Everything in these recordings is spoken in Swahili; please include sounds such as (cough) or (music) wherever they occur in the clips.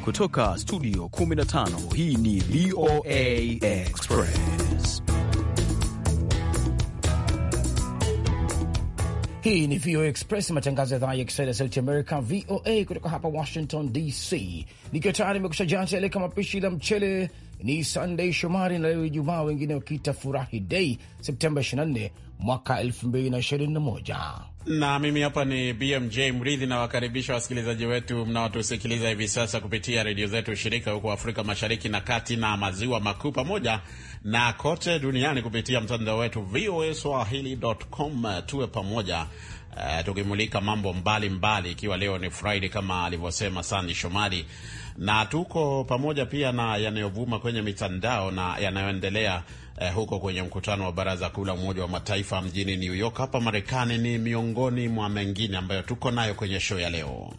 Kutoka studio 15 hii ni VOA Express. Hii ni VOA Express, matangazo ya idhaa ya Kiswahili ya sauti Amerika, VOA kutoka hapa Washington DC, nikiwa tayari nimekusha jaa tele kama pishi la mchele ni Sunday Shomari na leo Ijumaa, wengine wakiita furahi dei, Septemba 24 mwaka 2021 na mimi hapa ni BMJ Mridhi, nawakaribisha wasikilizaji wetu mnaotusikiliza hivi sasa kupitia redio zetu shirika huko Afrika Mashariki na Kati na Maziwa Makuu, pamoja na kote duniani kupitia mtandao wetu VOA Swahili.com. Tuwe pamoja uh, tukimulika mambo mbalimbali, ikiwa mbali, leo ni Friday kama alivyosema Sandi Shomari na tuko pamoja pia na yanayovuma kwenye mitandao na yanayoendelea eh, huko kwenye mkutano wa Baraza Kuu la Umoja wa Mataifa mjini New York hapa Marekani ni miongoni mwa mengine ambayo tuko nayo kwenye show ya leo.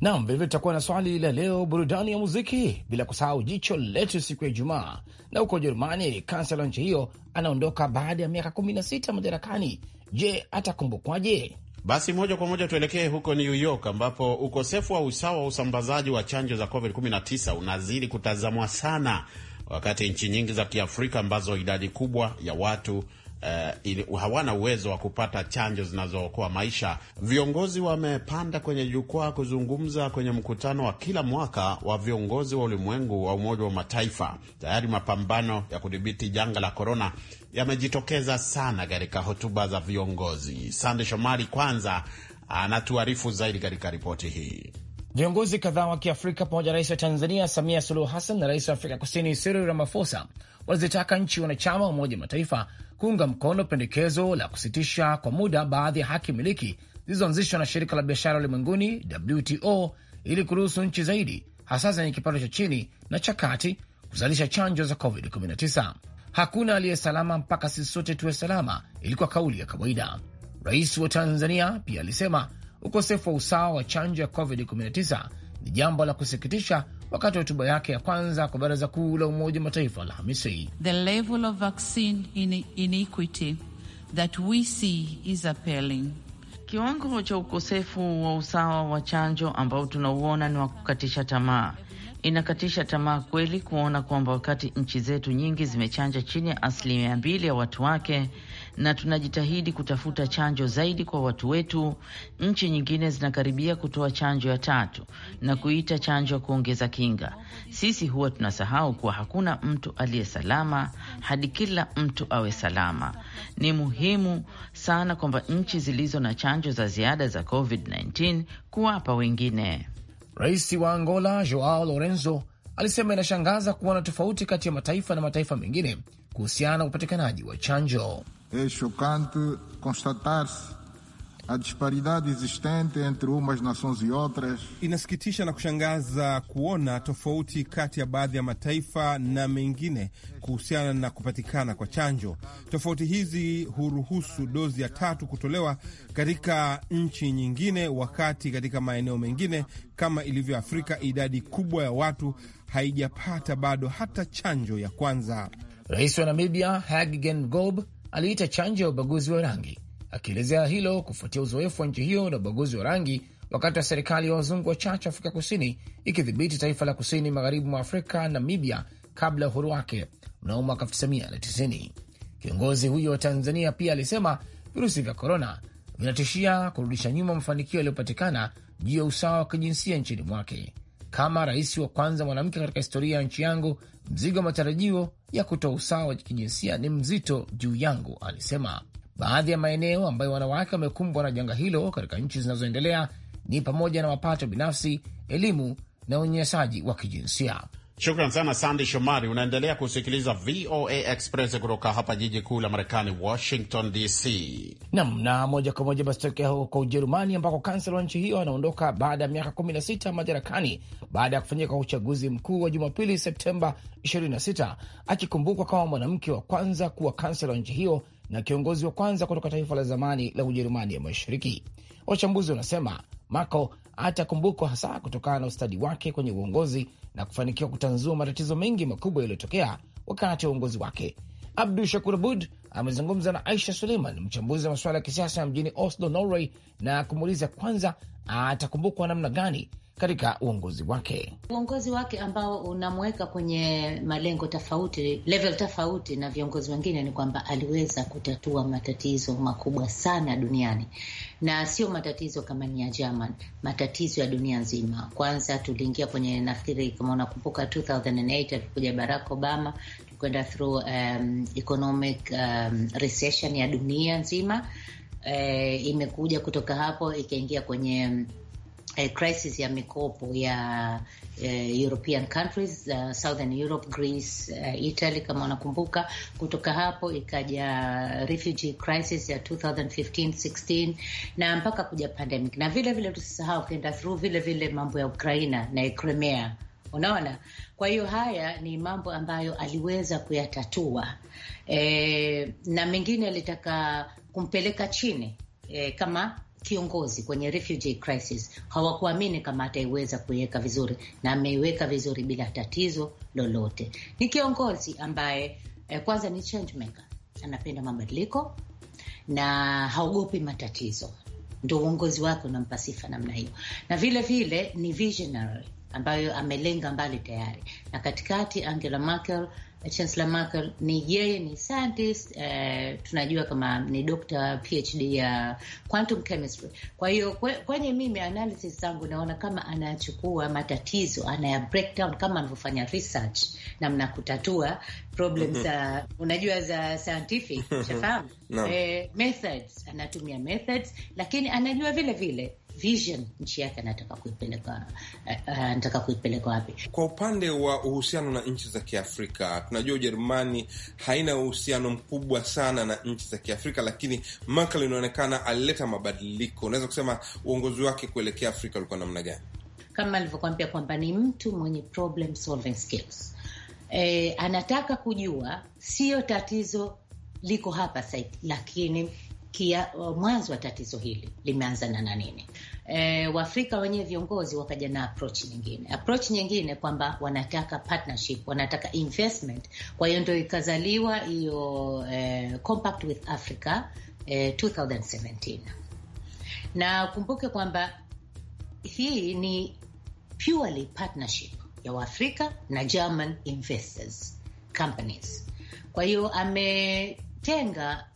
nam vilevile tutakuwa na swali la leo, burudani ya muziki, bila kusahau jicho letu siku ya Ijumaa. Na huko Ujerumani, kansela nchi hiyo anaondoka baada ya miaka 16 madarakani. Je, atakumbukwaje? Basi moja kwa moja tuelekee huko New York ambapo ukosefu wa usawa wa usambazaji wa chanjo za COVID-19 unazidi kutazamwa sana, wakati nchi nyingi za Kiafrika ambazo idadi kubwa ya watu Uh, ili, hawana uwezo wa kupata chanjo zinazookoa maisha. Viongozi wamepanda kwenye jukwaa kuzungumza kwenye mkutano wa kila mwaka wa viongozi wa ulimwengu wa Umoja wa Mataifa. Tayari mapambano ya kudhibiti janga la korona yamejitokeza sana katika hotuba za viongozi. Sande Shomari kwanza anatuarifu zaidi katika ripoti hii. Viongozi kadhaa wa Kiafrika pamoja na rais wa Tanzania Samia Suluhu Hassan na rais wa Afrika Kusini Cyril Ramaphosa walizitaka nchi wanachama wa Umoja Mataifa kuunga mkono pendekezo la kusitisha kwa muda baadhi ya haki miliki zilizoanzishwa na shirika la biashara ulimwenguni WTO ili kuruhusu nchi zaidi hasa zenye kipato cha chini na cha kati kuzalisha chanjo za COVID-19 hakuna aliye salama mpaka sisi sote tuwe salama, ilikuwa kauli ya kawaida. Rais wa Tanzania pia alisema ukosefu wa usawa wa chanjo ya covid-19 ni jambo la kusikitisha wakati wa hotuba yake ya kwanza kwa Baraza Kuu la Umoja wa Mataifa Alhamisi. The level of vaccine inequity that we see is appalling. Kiwango cha ukosefu wa usawa wa chanjo ambao tunauona ni wa kukatisha tamaa. Inakatisha tamaa kweli kuona kwamba wakati nchi zetu nyingi zimechanja chini ya asilimia mbili ya watu wake, na tunajitahidi kutafuta chanjo zaidi kwa watu wetu, nchi nyingine zinakaribia kutoa chanjo ya tatu na kuita chanjo ya kuongeza kinga. Sisi huwa tunasahau kuwa hakuna mtu aliye salama hadi kila mtu awe salama. Ni muhimu sana kwamba nchi zilizo na chanjo za ziada za COVID-19 kuwapa wengine. Rais wa Angola Joao Lorenzo alisema inashangaza kuona tofauti kati ya mataifa na mataifa mengine kuhusiana na upatikanaji wa chanjo. E shokante a disparidade existente entre umas nações e outras. Inasikitisha na kushangaza kuona tofauti kati ya baadhi ya mataifa na mengine kuhusiana na kupatikana kwa chanjo. Tofauti hizi huruhusu dozi ya tatu kutolewa katika nchi nyingine, wakati katika maeneo mengine kama ilivyo Afrika idadi kubwa ya watu haijapata bado hata chanjo ya kwanza. Rais wa Namibia Hage Geingob aliita chanjo ya ubaguzi wa rangi akielezea hilo kufuatia uzoefu wa nchi hiyo na ubaguzi wa rangi wakati wa serikali ya wazungu wachache Afrika Kusini ikidhibiti taifa la kusini magharibi mwa Afrika, Namibia, kabla ya uhuru wake mnamo mwaka 1990. Kiongozi huyo wa Tanzania pia alisema virusi vya korona vinatishia kurudisha nyuma mafanikio yaliyopatikana juu ya usawa wa kijinsia nchini mwake. Kama rais wa kwanza mwanamke katika historia ya nchi yangu, mzigo wa matarajio ya kutoa usawa wa kijinsia ni mzito juu yangu, alisema. Baadhi ya maeneo ambayo wanawake wamekumbwa na janga hilo katika nchi zinazoendelea ni pamoja na mapato binafsi, elimu na unyanyasaji wa kijinsia. Shukran sana Sandi Shomari. Unaendelea kusikiliza VOA Express kutoka hapa jiji kuu la Marekani, Washington DC. Nam na moja kwa moja basi tokea huko Ujerumani, ambako kansela wa nchi hiyo anaondoka baada ya miaka 16 madarakani baada ya kufanyika kwa uchaguzi mkuu wa Jumapili Septemba 26, akikumbukwa kama mwanamke wa kwanza kuwa kansela wa nchi hiyo na kiongozi wa kwanza kutoka taifa la zamani la Ujerumani ya Mashariki. Wachambuzi wanasema Mako atakumbukwa hasa kutokana na ustadi wake kwenye uongozi na kufanikiwa kutanzua matatizo mengi makubwa yaliyotokea wakati wa uongozi wake. Abdu Shakur Abud amezungumza na Aisha Suleiman, mchambuzi wa masuala ya kisiasa mjini Oslo, Norway, na kumuuliza kwanza atakumbukwa namna gani katika uongozi wake, uongozi wake ambao unamweka kwenye malengo tofauti, level tofauti na viongozi wengine, ni kwamba aliweza kutatua matatizo makubwa sana duniani, na sio matatizo kama ni ya German, matatizo ya dunia nzima. Kwanza tuliingia kwenye, nafikiri kama unakumbuka, 2008 alikuja Barack Obama, tukwenda through um, economic um, recession ya dunia nzima. E, imekuja kutoka hapo ikaingia kwenye a crisis ya mikopo ya uh, European countries uh, Southern Europe, Greece, uh, Italy kama wanakumbuka. Kutoka hapo ikaja refugee crisis ya 2015 16 na mpaka kuja pandemic, na vile vile tusisahau kenda through vile vile mambo ya Ukraina na Crimea. Unaona, kwa hiyo haya ni mambo ambayo aliweza kuyatatua e, na mengine alitaka kumpeleka chini e, kama kiongozi kwenye refugee crisis hawakuamini kama ataiweza kuiweka vizuri, na ameiweka vizuri bila tatizo lolote. Ni kiongozi ambaye eh, kwanza ni change maker, anapenda mabadiliko na haogopi matatizo. Ndo uongozi wake unampa sifa namna hiyo, na vile vile ni visionary ambayo amelenga mbali tayari, na katikati Angela Merkel Chancellor Merkel ni yeye ni scientist eh, tunajua kama ni doctor PhD ya uh, quantum chemistry. Kwa hiyo kwenye mimi analysis zangu naona kama anachukua matatizo anaya breakdown kama anavyofanya research namna kutatua problem mhm. za unajua za scientific chafahamu (laughs) no. eh, methods anatumia methods, lakini anajua vile vile vision nchi yake anataka kuipeleka eh, eh, anataka kuipeleka wapi. Kwa upande wa uhusiano na nchi za Kiafrika, tunajua Ujerumani haina uhusiano mkubwa sana na nchi za Kiafrika, lakini Merkel inaonekana alileta mabadiliko. Unaweza kusema uongozi wake kuelekea Afrika ulikuwa namna gani? Kama alivyokuambia kwamba ni mtu mwenye problem solving skills. E, anataka kujua sio tatizo liko hapa site, lakini kia uh, mwanzo wa tatizo hili limeanzana na nini? E, Waafrika wenyewe viongozi wakaja na approach nyingine, approach nyingine kwamba wanataka partnership, wanataka investment. Kwa hiyo ndio ikazaliwa hiyo eh, Compact with Africa eh, 2017 na kumbuke kwamba hii ni purely partnership ya Waafrika na German investors companies. Kwa hiyo ametenga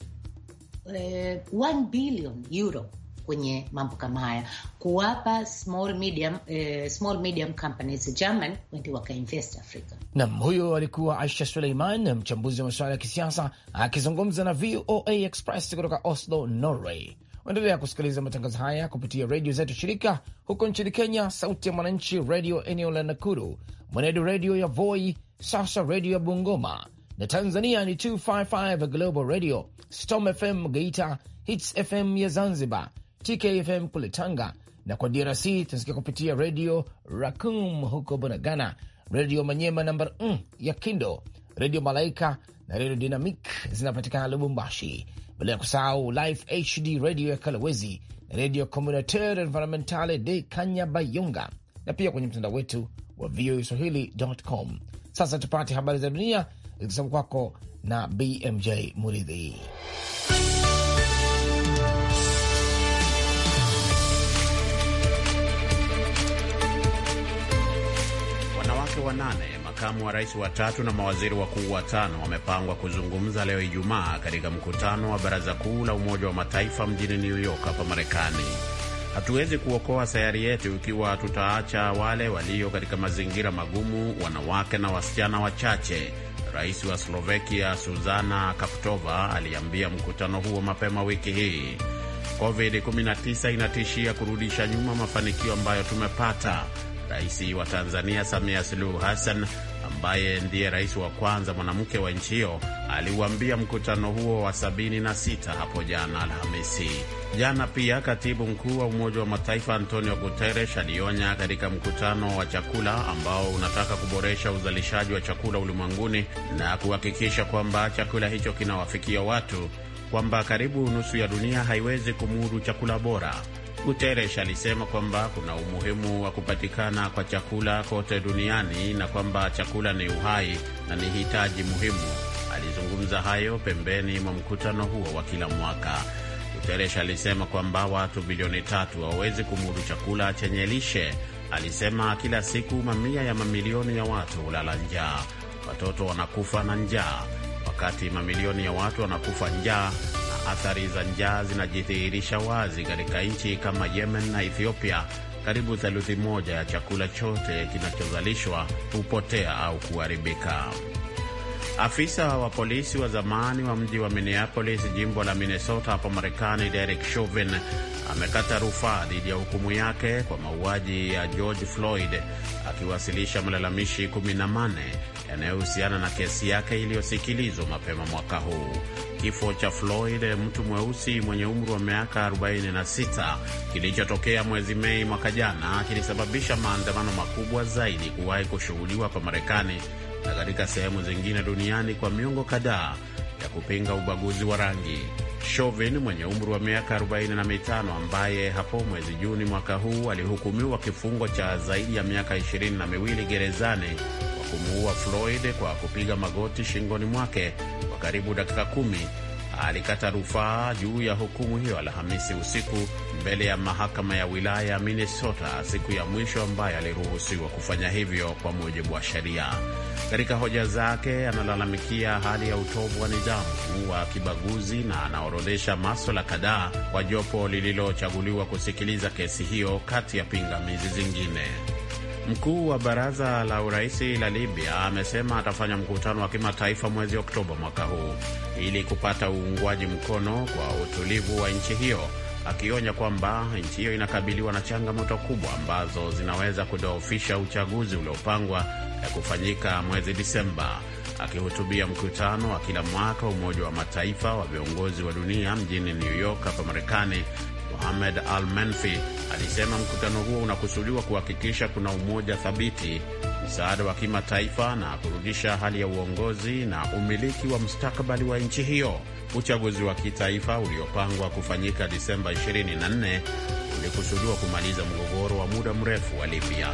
eh, 1 billion euro kwenye mambo kama haya kuwapa small medium, eh, small medium companies German wende wakainvest Africa. Nam huyo alikuwa Aisha Suleiman, mchambuzi wa masuala ya kisiasa akizungumza na VOA Express kutoka Oslo, Norway. Endelea kusikiliza matangazo haya kupitia redio zetu shirika huko nchini Kenya, Sauti ya Mwananchi redio eneo la Nakuru, Mwenedu redio ya Voi, Sasa redio ya Bungoma, na Tanzania ni 255 Global Radio Storm FM Geita, Hits FM ya Zanzibar, FM kule Tanga, na kwa DRC tunasikia kupitia redio Rakum huko Bunagana, redio Manyema namba mm, ya Kindo, redio Malaika na redio Dynamic zinapatikana Lubumbashi, bila ya kusahau Live HD redio ya Kalawezi na redio Communautaire Environmentale de Kanyabayonga, na pia kwenye mtandao wetu wa swahilicom Sasa tupate habari za dunia zikisoma kwako na BMJ Muridhi. Wanawake wanane makamu wa rais watatu na mawaziri wakuu watano wamepangwa kuzungumza leo Ijumaa katika mkutano wa baraza kuu la Umoja wa Mataifa mjini New York hapa Marekani. Hatuwezi kuokoa sayari yetu ikiwa tutaacha wale walio katika mazingira magumu, wanawake na wasichana wachache Rais wa Slovakia Suzana Kaptova aliambia mkutano huo mapema wiki hii. COVID-19 inatishia kurudisha nyuma mafanikio ambayo tumepata. Rais wa Tanzania Samia Suluhu Hassan ambaye ndiye rais wa kwanza mwanamke wa nchi hiyo aliuambia mkutano huo wa 76 hapo jana Alhamisi. Jana pia katibu mkuu wa Umoja wa Mataifa Antonio Guterres alionya katika mkutano wa chakula ambao unataka kuboresha uzalishaji wa chakula ulimwenguni na kuhakikisha kwamba chakula hicho kinawafikia watu, kwamba karibu nusu ya dunia haiwezi kumudu chakula bora Guterres alisema kwamba kuna umuhimu wa kupatikana kwa chakula kote duniani na kwamba chakula ni uhai na ni hitaji muhimu. Alizungumza hayo pembeni mwa mkutano huo wa kila mwaka. Guterres alisema kwamba watu bilioni tatu hawawezi kumudu chakula chenye lishe. Alisema kila siku mamia ya mamilioni ya watu hulala njaa, watoto wanakufa na njaa, wakati mamilioni ya watu wanakufa njaa Athari za njaa zinajidhihirisha wazi katika nchi kama Yemen na Ethiopia. Karibu theluthi moja ya chakula chote kinachozalishwa hupotea au kuharibika. Afisa wa polisi wa zamani wa mji wa Minneapolis, jimbo la Minnesota hapa Marekani, Derek Chauvin amekata rufaa dhidi ya hukumu yake kwa mauaji ya George Floyd, akiwasilisha malalamishi 18 yanayohusiana na kesi yake iliyosikilizwa mapema mwaka huu. Kifo cha Floyd, mtu mweusi mwenye umri wa miaka 46, kilichotokea mwezi Mei mwaka jana kilisababisha maandamano makubwa zaidi kuwahi kushuhudiwa hapa Marekani na katika sehemu zingine duniani kwa miongo kadhaa ya kupinga ubaguzi wa rangi. Chauvin mwenye umri wa miaka 45 ambaye hapo mwezi Juni mwaka huu alihukumiwa kifungo cha zaidi ya miaka ishirini na miwili gerezani kwa kumuua Floyd kwa kupiga magoti shingoni mwake kwa karibu dakika kumi alikata rufaa juu ya hukumu hiyo Alhamisi usiku mbele ya mahakama ya wilaya ya Minnesota, siku ya mwisho ambayo aliruhusiwa kufanya hivyo kwa mujibu wa sheria. Katika hoja zake, analalamikia hali ya utovu wa nidhamu wa kibaguzi na anaorodhesha maswala kadhaa kwa jopo lililochaguliwa kusikiliza kesi hiyo kati ya pingamizi zingine. Mkuu wa baraza la uraisi la Libya amesema atafanya mkutano wa kimataifa mwezi Oktoba mwaka huu ili kupata uungwaji mkono kwa utulivu wa nchi hiyo, akionya kwamba nchi hiyo inakabiliwa na changamoto kubwa ambazo zinaweza kudhoofisha uchaguzi uliopangwa kufanyika mwezi Disemba. Akihutubia mkutano wa kila mwaka Umoja wa Mataifa wa viongozi wa dunia mjini New York hapa Marekani, Mohamed Al-Menfi alisema mkutano huo unakusudiwa kuhakikisha kuna umoja thabiti, msaada wa kimataifa na kurudisha hali ya uongozi na umiliki wa mustakabali wa nchi hiyo. Uchaguzi wa kitaifa uliopangwa kufanyika Disemba 24 ulikusudiwa kumaliza mgogoro wa muda mrefu wa Libya.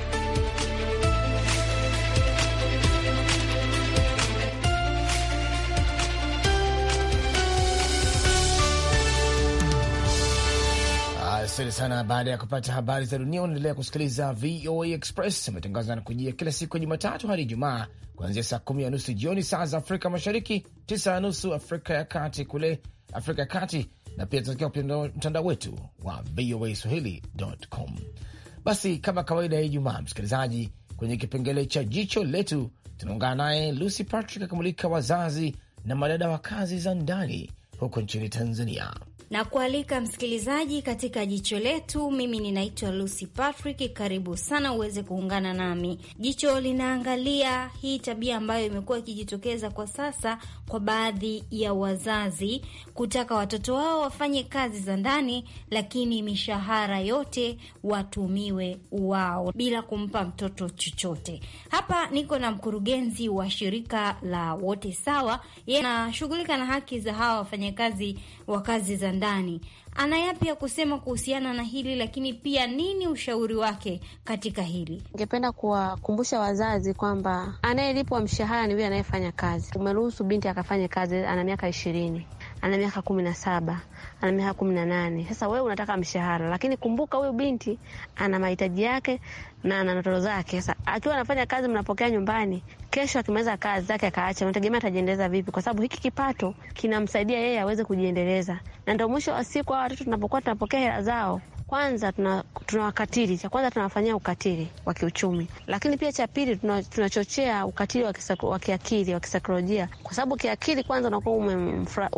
Asante sana. Baada ya kupata habari za dunia, unaendelea kusikiliza VOA Express. Matangazo yanakujia kila siku ya Jumatatu hadi Ijumaa, kuanzia saa kumi na nusu jioni saa za Afrika Mashariki, tisa na nusu Afrika ya Kati, kule Afrika ya Kati, na pia tunatokea kupitia mtandao wetu wa VOA Swahili.com. Basi kama kawaida ya Ijumaa, msikilizaji, kwenye kipengele cha jicho letu tunaungana naye Lucy Patrick akamulika wazazi na madada wa kazi za ndani huko nchini Tanzania na kualika msikilizaji katika jicho letu. Mimi ninaitwa Lucy Patrick, karibu sana uweze kuungana nami. Jicho linaangalia hii tabia ambayo imekuwa ikijitokeza kwa sasa kwa baadhi ya wazazi kutaka watoto wao wafanye kazi za ndani, lakini mishahara yote watumiwe wao bila kumpa mtoto chochote. Hapa niko na mkurugenzi wa shirika la Wote Sawa, yeye anashughulika na haki za hawa wafanyakazi wa kazi za ndani ndani. Ana yapi ya kusema kuhusiana na hili, lakini pia nini ushauri wake katika hili? Ningependa kuwakumbusha wazazi kwamba anayelipwa mshahara ni yule anayefanya kazi. Umeruhusu binti akafanye kazi, ana miaka ishirini, ana miaka kumi na saba ana miaka kumi na nane Sasa wewe unataka mshahara, lakini kumbuka huyu binti ana mahitaji yake na ana ndoto zake. Sasa akiwa anafanya kazi mnapokea nyumbani, kesho akimaliza kazi zake akaacha, unategemea atajiendeleza vipi? Kwa sababu hiki kipato kinamsaidia yeye aweze kujiendeleza, na ndo mwisho wa siku hawa watoto tunapokuwa tunapokea hela zao kwanza tunawakatili, cha kwanza tunawafanyia ukatili wa kiuchumi, lakini pia cha pili tunachochea tuna ukatili wa kiakili wa kisaikolojia, kwa sababu kiakili kwanza unakuwa umemfra,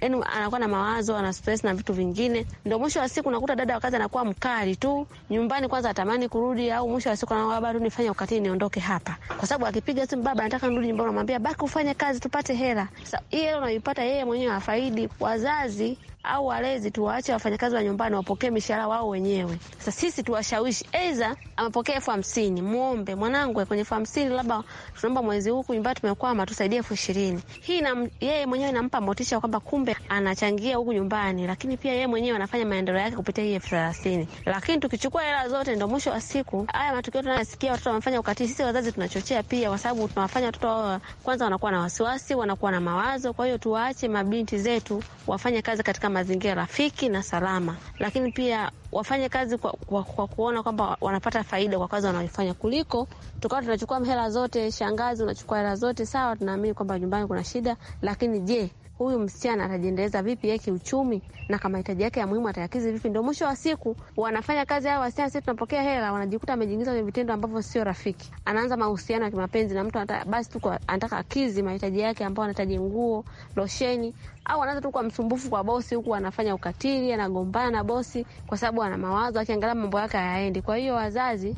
yaani anakuwa na mawazo, ana stress na vitu vingine, ndo mwisho wa siku unakuta dada wakazi anakuwa mkali tu nyumbani, kwanza atamani kurudi, au mwisho wa siku anakuwa tu nifanye ukatili niondoke hapa, kwa sababu akipiga simu baba anataka nirudi nyumbani, unamwambia baki ufanye kazi tupate hela. Sasa hii hela unaipata yeye mwenyewe afaidi wazazi au walezi tuwaache wafanyakazi wa nyumbani wapokee mishahara wao wenyewe. Sasa sisi tuwashawishi, eidha amepokea elfu hamsini, mwombe mwanangu kwenye elfu hamsini, labda tunaomba mwezi huku nyumbani tumekwama, tusaidie elfu ishirini. Hii na yeye mwenyewe inampa motisha kwamba kumbe anachangia huku nyumbani, lakini pia yeye mwenyewe anafanya maendeleo yake kupitia hii elfu thelathini. Lakini tukichukua hela zote, ndo mwisho wa siku haya matukio tunayosikia, watoto wamefanya ukatili. Sisi wazazi tunachochea pia, kwa sababu tunawafanya watoto wao kwanza wanakuwa na wasiwasi, wanakuwa na mawazo. Kwa hiyo tuwaache mabinti zetu wafanye kazi katika katika mazingira rafiki na salama, lakini pia wafanye kazi kwa, kwa, kwa kuona kwamba wanapata faida kwa kazi wanaoifanya, kuliko tukawa tunachukua hela zote. Shangazi, unachukua hela zote, sawa, tunaamini kwamba nyumbani kuna shida, lakini je huyu msichana atajiendeleza vipi yeye kiuchumi, na kama hitaji yake ya muhimu atayakizi vipi? Ndio mwisho wa siku wanafanya kazi hao wasichana, sisi tunapokea hela, wanajikuta amejiingiza kwenye vitendo ambavyo sio rafiki. Anaanza mahusiano ya kimapenzi na mtu ata, basi tu anataka akizi mahitaji yake ambao anahitaji nguo, losheni, au anaanza tu kwa msumbufu kwa bosi, huku anafanya ukatili, anagombana na bosi kwa sababu ana mawazo, akiangalia mambo yake hayaendi. Kwa hiyo wazazi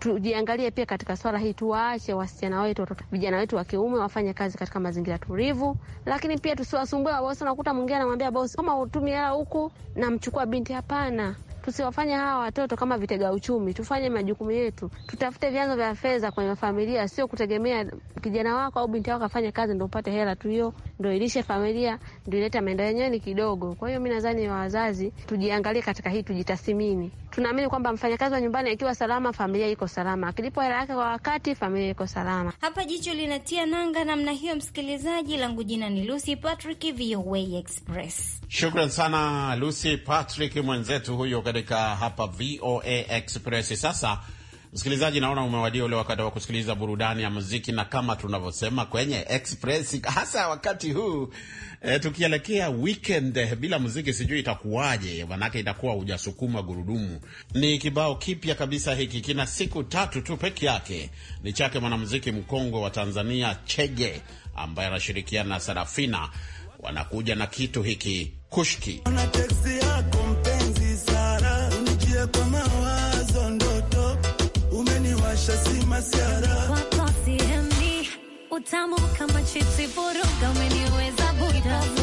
tujiangalie pia katika swala hii, tuwaache wasichana wetu, watoto, vijana wetu wa kiume wafanye kazi katika mazingira tulivu, lakini pia tusiwasumbue wabosi. Nakuta mwingine anamwambia bosi, kama utumi hela huku namchukua binti. Hapana, Tusiwafanye hawa watoto kama vitega uchumi, tufanye majukumu yetu, tutafute vyanzo vya fedha kwenye familia, sio kutegemea kijana wako au binti wako afanye kazi ndo upate hela tu. Hiyo ndo ilishe familia, ndo ilete maendeleo, yenyewe ni kidogo. Kwa hiyo mi nadhani wazazi tujiangalie katika hii, tujitathimini. Tunaamini kwamba mfanyakazi wa nyumbani akiwa salama, familia iko salama, akilipwa hela yake kwa wakati, familia iko salama. Hapa jicho linatia nanga namna hiyo, msikilizaji langu jina ni Lucy Patrick, VOA Express. Shukran sana Lucy Patrick, mwenzetu huyo katika hapa VOA Express. Sasa msikilizaji, naona umewadia ule wakati wa kusikiliza burudani ya muziki, na kama tunavyosema kwenye Express, hasa wakati huu e, tukielekea weekend, eh, bila muziki sijui itakuwaje, manake itakuwa hujasukuma gurudumu. Ni kibao kipya kabisa hiki, kina siku tatu tu peke yake, ni chake mwanamuziki mkongwe wa Tanzania Chege ambaye anashirikiana na Sarafina, wanakuja na kitu hiki Kushki. Utamu kama chipsi, vuruga umeniweza buda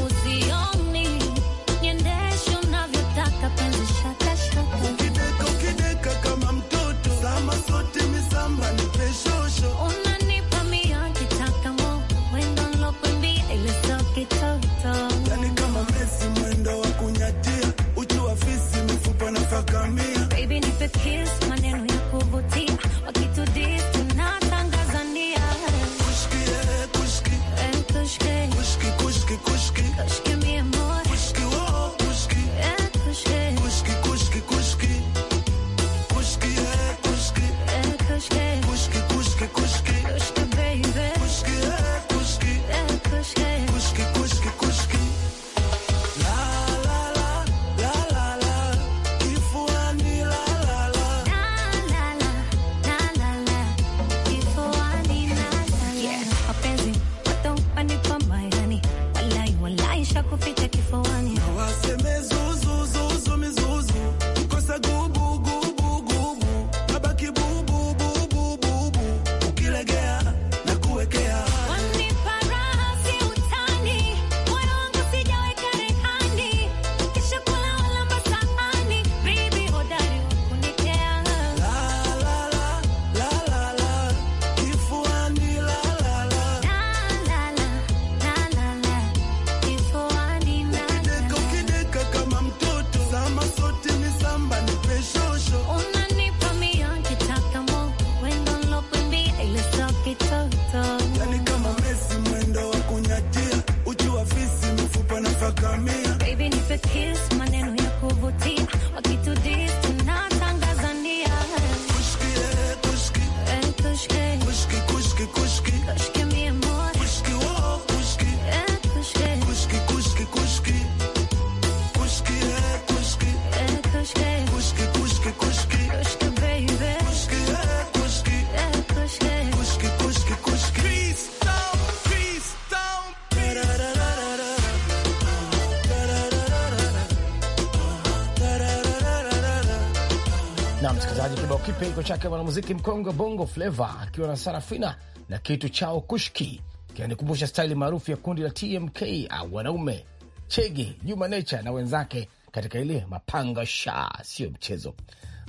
chake mwanamuziki mkongwe Bongo Flava akiwa na Sarafina na kitu chao Kushki kinanikumbusha staili maarufu ya kundi la TMK au wanaume Chege, Juma Nature na wenzake katika ile mapanga sha, sio mchezo.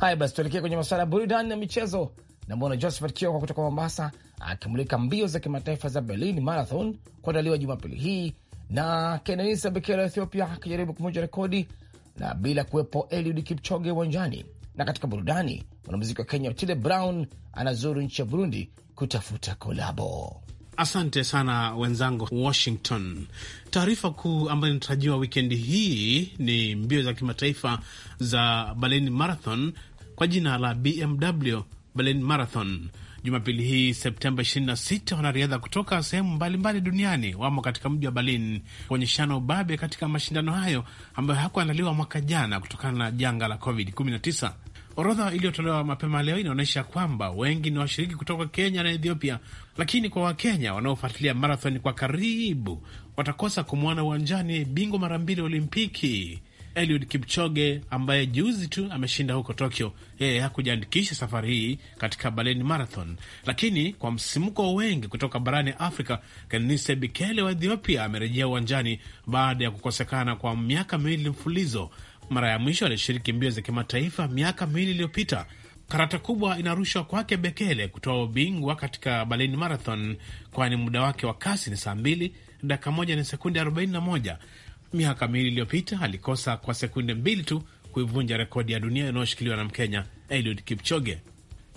Haya basi, tuelekee kwenye masuala ya burudani na michezo. Namwona Josephat Kioko kutoka Mombasa akimulika mbio za kimataifa za Berlin Marathon kuandaliwa Jumapili hii na Kenenisa Bekele wa Ethiopia akijaribu kuvunja rekodi na bila kuwepo Eliud Kipchoge uwanjani na katika burudani, mwanamuziki wa Kenya Otile Brown anazuru nchi ya Burundi kutafuta kolabo. Asante sana wenzangu Washington. Taarifa kuu ambayo inatarajiwa wikendi hii ni mbio za kimataifa za Berlin Marathon kwa jina la BMW Berlin Marathon. Jumapili hii Septemba 26 wanariadha kutoka sehemu mbalimbali duniani wamo katika mji wa Berlin kuonyeshana ubabe katika mashindano hayo ambayo hakuandaliwa mwaka jana kutokana na janga la COVID-19. Orodha iliyotolewa mapema leo inaonyesha kwamba wengi ni washiriki kutoka Kenya na Ethiopia, lakini kwa Wakenya wanaofuatilia marathon kwa karibu watakosa kumwona uwanjani bingwa mara mbili Olimpiki Eliud Kipchoge ambaye juzi tu ameshinda huko Tokyo, yeye hakujiandikisha safari hii katika Berlin Marathon, lakini kwa msimko wengi kutoka barani Afrika, Kenenisa Bekele wa Ethiopia amerejea uwanjani baada ya kukosekana kwa miaka miwili mfulizo. Mara ya mwisho alishiriki mbio za kimataifa miaka miwili iliyopita. Karata kubwa inarushwa kwake Bekele kutoa ubingwa katika Berlin Marathon, kwani muda wake wa kasi ni saa mbili dakika moja na sekunde 41 miaka miwili iliyopita alikosa kwa sekunde mbili tu kuivunja rekodi ya dunia inayoshikiliwa na Mkenya Eliud Kipchoge.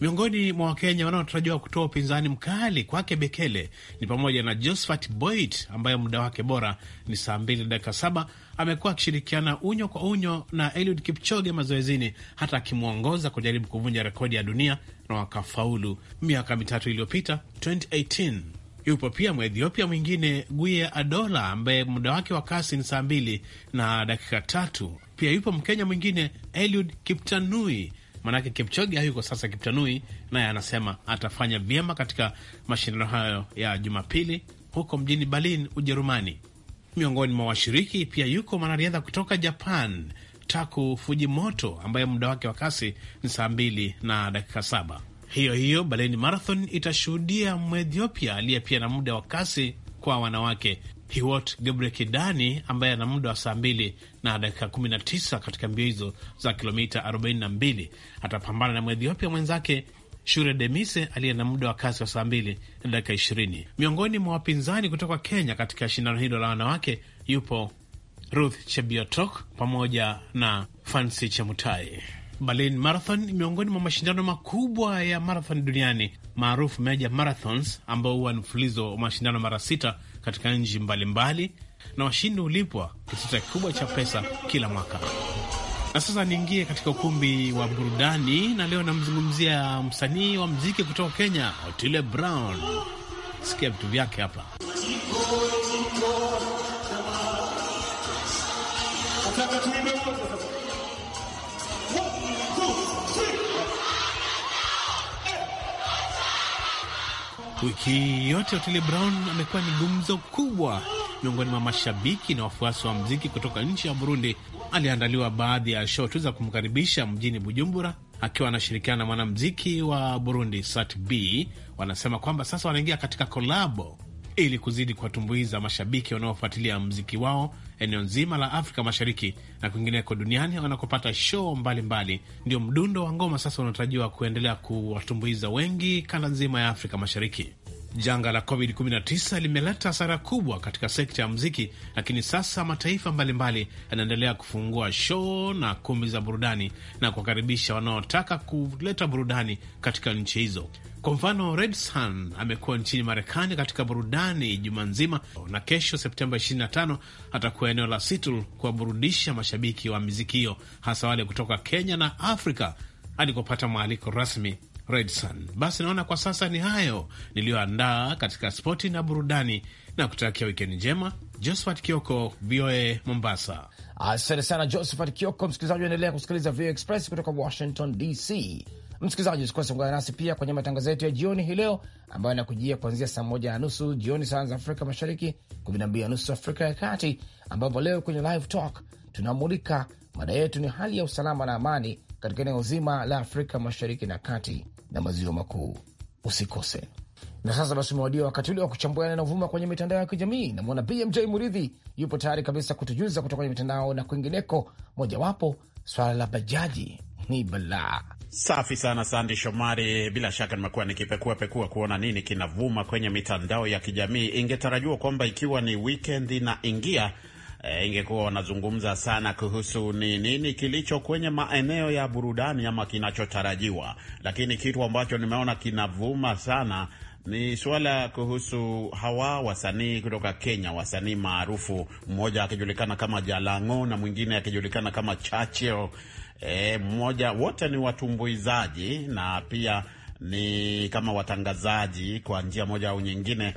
Miongoni mwa Wakenya wanaotarajiwa kutoa upinzani mkali kwake Bekele ni pamoja na Josphat Boit ambaye muda wake bora ni saa mbili dakika saba. Amekuwa akishirikiana unyo kwa unyo na Eliud Kipchoge mazoezini, hata akimwongoza kujaribu kuvunja rekodi ya dunia na wakafaulu miaka mitatu iliyopita 2018. Yupo pia Mwethiopia mwingine Guye Adola ambaye muda wake wa kasi ni saa mbili na dakika tatu. Pia yupo Mkenya mwingine Eliud Kiptanui, manake Kipchoge hayuko sasa. Kiptanui naye anasema atafanya vyema katika mashindano hayo ya Jumapili huko mjini Berlin, Ujerumani. Miongoni mwa washiriki pia yuko mwanariadha kutoka Japan Taku Fujimoto ambaye muda wake wa kasi ni saa mbili na dakika saba hiyo hiyo Berlin Marathon itashuhudia Mwethiopia aliye pia na muda wa kasi kwa wanawake Hiwot Gebrekidani ambaye ana muda wa saa 2 na dakika 19 katika mbio hizo za kilomita 42 atapambana na Mwethiopia mwenzake Shure Demise aliye na muda wa kasi wa saa 2 na dakika 20. Miongoni mwa wapinzani kutoka Kenya katika shindano hilo la wanawake yupo Ruth Chebiotok pamoja na Fancy Chemutai. Berlin Marathon ni miongoni mwa mashindano makubwa ya marathon duniani maarufu Major Marathons, ambao huwa ni mfululizo wa mashindano mara sita katika nchi mbalimbali, na washindi hulipwa kisita kikubwa cha pesa kila mwaka. Na sasa niingie katika ukumbi wa burudani, na leo namzungumzia msanii wa mziki kutoka Kenya, Otile Brown. Sikia vitu vyake hapa. Wiki hii yote Otile Brown amekuwa ni gumzo kubwa miongoni mwa mashabiki na wafuasi wa mziki kutoka nchi ya Burundi. Aliandaliwa baadhi ya show tu za kumkaribisha mjini Bujumbura, akiwa anashirikiana na mwanamziki wa Burundi Sat B. Wanasema kwamba sasa wanaingia katika kolabo ili kuzidi kuwatumbuiza mashabiki wanaofuatilia mziki wao eneo nzima la Afrika Mashariki na kwingineko duniani wanakopata show mbalimbali. Ndio mdundo wa ngoma sasa unatarajiwa kuendelea kuwatumbuiza wengi kanda nzima ya Afrika Mashariki. Janga la COVID-19 limeleta hasara kubwa katika sekta ya mziki, lakini sasa mataifa mbalimbali yanaendelea kufungua show na kumbi za burudani na kuwakaribisha wanaotaka kuleta burudani katika nchi hizo. Kwa mfano, Red Sun amekuwa nchini Marekani katika burudani juma nzima, na kesho Septemba 25 atakuwa eneo la Seattle kuwaburudisha mashabiki wa miziki hiyo, hasa wale kutoka Kenya na Afrika alikopata mwaliko rasmi Redson. Basi naona kwa sasa ni hayo niliyoandaa katika spoti na burudani, na kutakia wikendi njema. Josephat Kioko, VOA Mombasa. Asante sana Josephat Kioko. Msikilizaji, unaendelea kusikiliza VOA Express kutoka Washington DC. Msikilizaji, usikose kuungana nasi pia kwenye matangazo yetu ya jioni hii leo ambayo inakujia kuanzia saa moja na nusu jioni saa za Afrika Mashariki, kumi na mbili na nusu Afrika ya Kati, ambapo leo kwenye Live Talk tunamulika mada yetu ni hali ya usalama na amani katika eneo zima la Afrika Mashariki na Kati na maziwa makuu. Usikose. Na sasa basi, umewadia wakati ule wa kuchambua yanayovuma kwenye mitandao ya kijamii. Namwona BMJ Muridhi yupo tayari kabisa kutujuza kutoka kwenye mitandao na kwingineko, mojawapo swala la bajaji ni balaa. Safi sana Sandi Shomari, bila shaka nimekuwa nikipekua pekua kuona nini kinavuma kwenye mitandao ya kijamii. Ingetarajiwa kwamba ikiwa ni wikendi na ingia e, ingekuwa wanazungumza sana kuhusu ni nini kilicho kwenye maeneo ya burudani ama kinachotarajiwa, lakini kitu ambacho nimeona kinavuma sana ni suala kuhusu hawa wasanii kutoka Kenya, wasanii maarufu, mmoja akijulikana kama Jalango na mwingine akijulikana kama chacho E, mmoja wote ni watumbuizaji na pia ni kama watangazaji kwa njia moja au nyingine,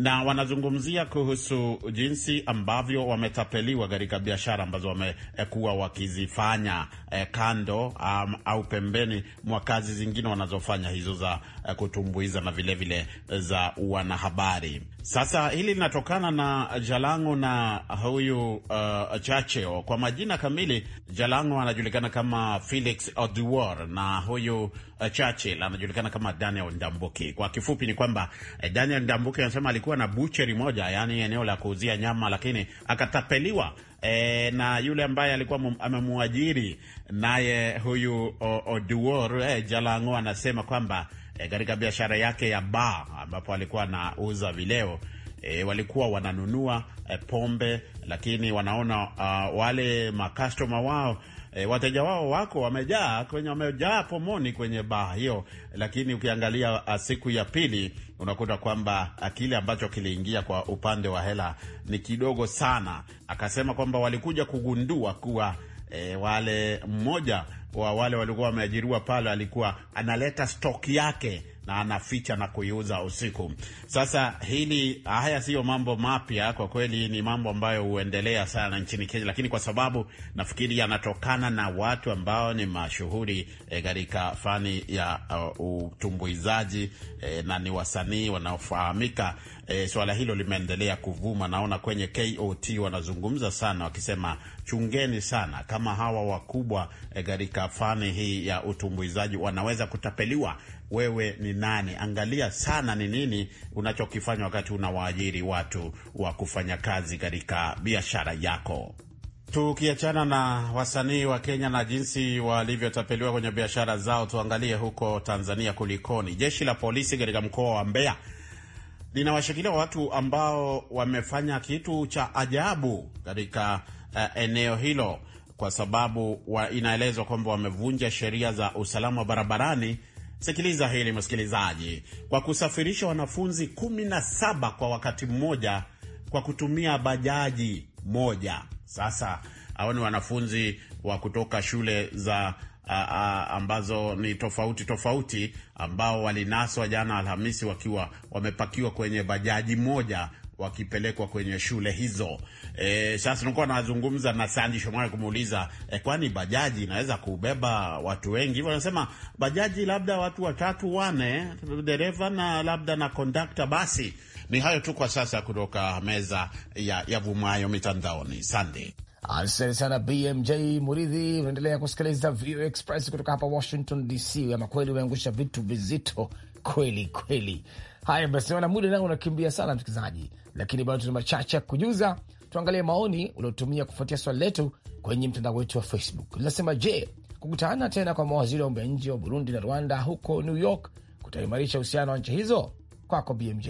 na wanazungumzia kuhusu jinsi ambavyo wametapeliwa katika biashara ambazo wamekuwa wakizifanya eh, kando um, au pembeni mwa kazi zingine wanazofanya hizo za Eh, kutumbuiza na vilevile vile eh, za wanahabari. Sasa hili linatokana na Jalango na huyu uh, eh, Chacheo. Kwa majina kamili, Jalango anajulikana kama Felix Oduor na huyu uh, Chachel anajulikana kama Daniel Ndambuki. Kwa kifupi ni kwamba eh, Daniel Ndambuki anasema alikuwa na bucheri moja, yaani eneo la kuuzia nyama, lakini akatapeliwa E, na yule ambaye alikuwa amemwajiri naye huyu Oduor e, Jalango anasema kwamba Eh, katika biashara yake ya ba ambapo alikuwa anauza vileo. E, walikuwa wananunua e, pombe lakini wanaona uh, wale makastoma wao e, wateja wao wako wamejaa kwenye wamejaa pomoni kwenye baa hiyo, lakini ukiangalia uh, siku ya pili unakuta kwamba ah, kile ambacho kiliingia kwa upande wa hela ni kidogo sana. Akasema kwamba walikuja kugundua kuwa e, wale mmoja wa wale walikuwa wameajiriwa pale alikuwa analeta stock yake na anaficha na kuiuza usiku. Sasa hili, haya siyo mambo mapya kwa kweli, ni mambo ambayo huendelea sana nchini Kenya, lakini kwa sababu nafikiri yanatokana na watu ambao ni mashuhuri eh, katika e, fani ya uh, utumbuizaji e, na ni wasanii wanaofahamika e, suala hilo limeendelea kuvuma. Naona kwenye KOT wanazungumza sana wakisema, chungeni sana kama hawa wakubwa katika e, fani hii ya utumbuizaji wanaweza kutapeliwa wewe ni nani. Angalia sana ni nini unachokifanya wakati unawaajiri watu wa kufanya kazi katika biashara yako. Tukiachana na wasanii wa Kenya na jinsi walivyotapeliwa kwenye biashara zao, tuangalie huko Tanzania kulikoni. Jeshi la polisi katika mkoa wa Mbeya linawashikilia watu ambao wamefanya kitu cha ajabu katika uh, eneo hilo, kwa sababu inaelezwa kwamba wamevunja sheria za usalama barabarani Sikiliza hili msikilizaji, kwa kusafirisha wanafunzi kumi na saba kwa wakati mmoja kwa kutumia bajaji moja. Sasa hao ni wanafunzi wa kutoka shule za a, a, ambazo ni tofauti tofauti ambao walinaswa jana Alhamisi wakiwa wamepakiwa kwenye bajaji moja wakipelekwa kwenye shule hizo. E, sasa tunakuwa nazungumza na Sandi Shomari kumuuliza e, kwani bajaji inaweza kubeba watu wengi hivyo? Anasema bajaji labda watu watatu wane, dereva na labda na kondakta. Basi ni hayo tu kwa sasa kutoka meza ya ya vumayo mitandaoni. Sandi. Asante sana BMJ Muridhi. Unaendelea kusikiliza VOA Express kutoka hapa Washington DC. Ama kweli umeangusha vitu vizito kweli kweli. Haya basi, naona muda nao unakimbia sana msikilizaji, lakini bado tuna machache ya kujuza. Tuangalie maoni uliotumia kufuatia swali letu kwenye mtandao wetu wa Facebook. Linasema, je, kukutana tena kwa mawaziri wa mambo ya nje wa Burundi na Rwanda huko New York kutaimarisha uhusiano wa nchi hizo? Kwako BMJ.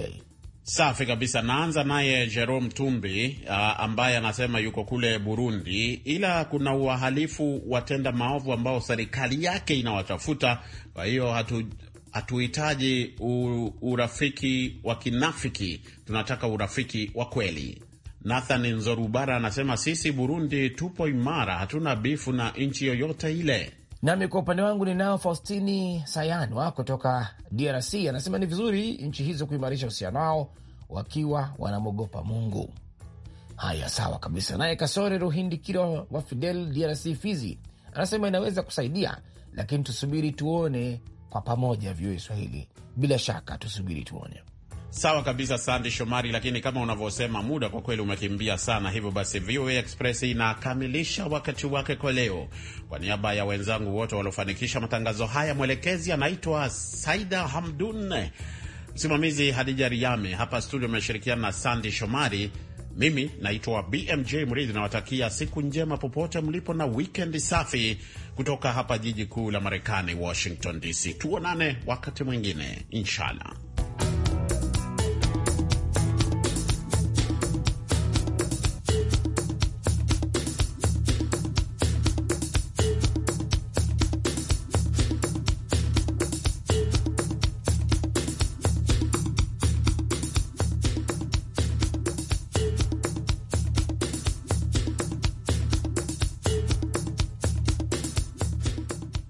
Safi kabisa. Naanza naye Jerome Tumbi uh, ambaye anasema yuko kule Burundi, ila kuna uahalifu watenda maovu ambao serikali yake inawatafuta. Kwa hiyo hatu, hatuhitaji urafiki wa kinafiki, tunataka urafiki wa kweli. Nathan Nzorubara anasema sisi Burundi tupo imara, hatuna bifu na nchi yoyote ile. Nami kwa upande wangu ninao Faustini Sayanwa kutoka DRC anasema ni vizuri nchi hizo kuimarisha uhusiano wao wakiwa wanamwogopa Mungu. Haya, sawa kabisa. Naye Kasore kiro wa Fidel DRC Fizi anasema inaweza kusaidia, lakini tusubiri tuone kwa pamoja vyoe Swahili. Bila shaka tusubiri tuone. Sawa kabisa, sandi Shomari, lakini kama unavyosema muda kwa kweli umekimbia sana. Hivyo basi, VOA Express inakamilisha wakati wake kwa leo. Kwa niaba ya wenzangu wote waliofanikisha matangazo haya, mwelekezi anaitwa Saida Hamdun, msimamizi Hadija Riame, hapa studio ameshirikiana na sandi Shomari. Mimi naitwa BMJ Mridhi, nawatakia siku njema popote mlipo na wikendi safi kutoka hapa jiji kuu la Marekani, Washington DC. Tuonane wakati mwingine inshallah.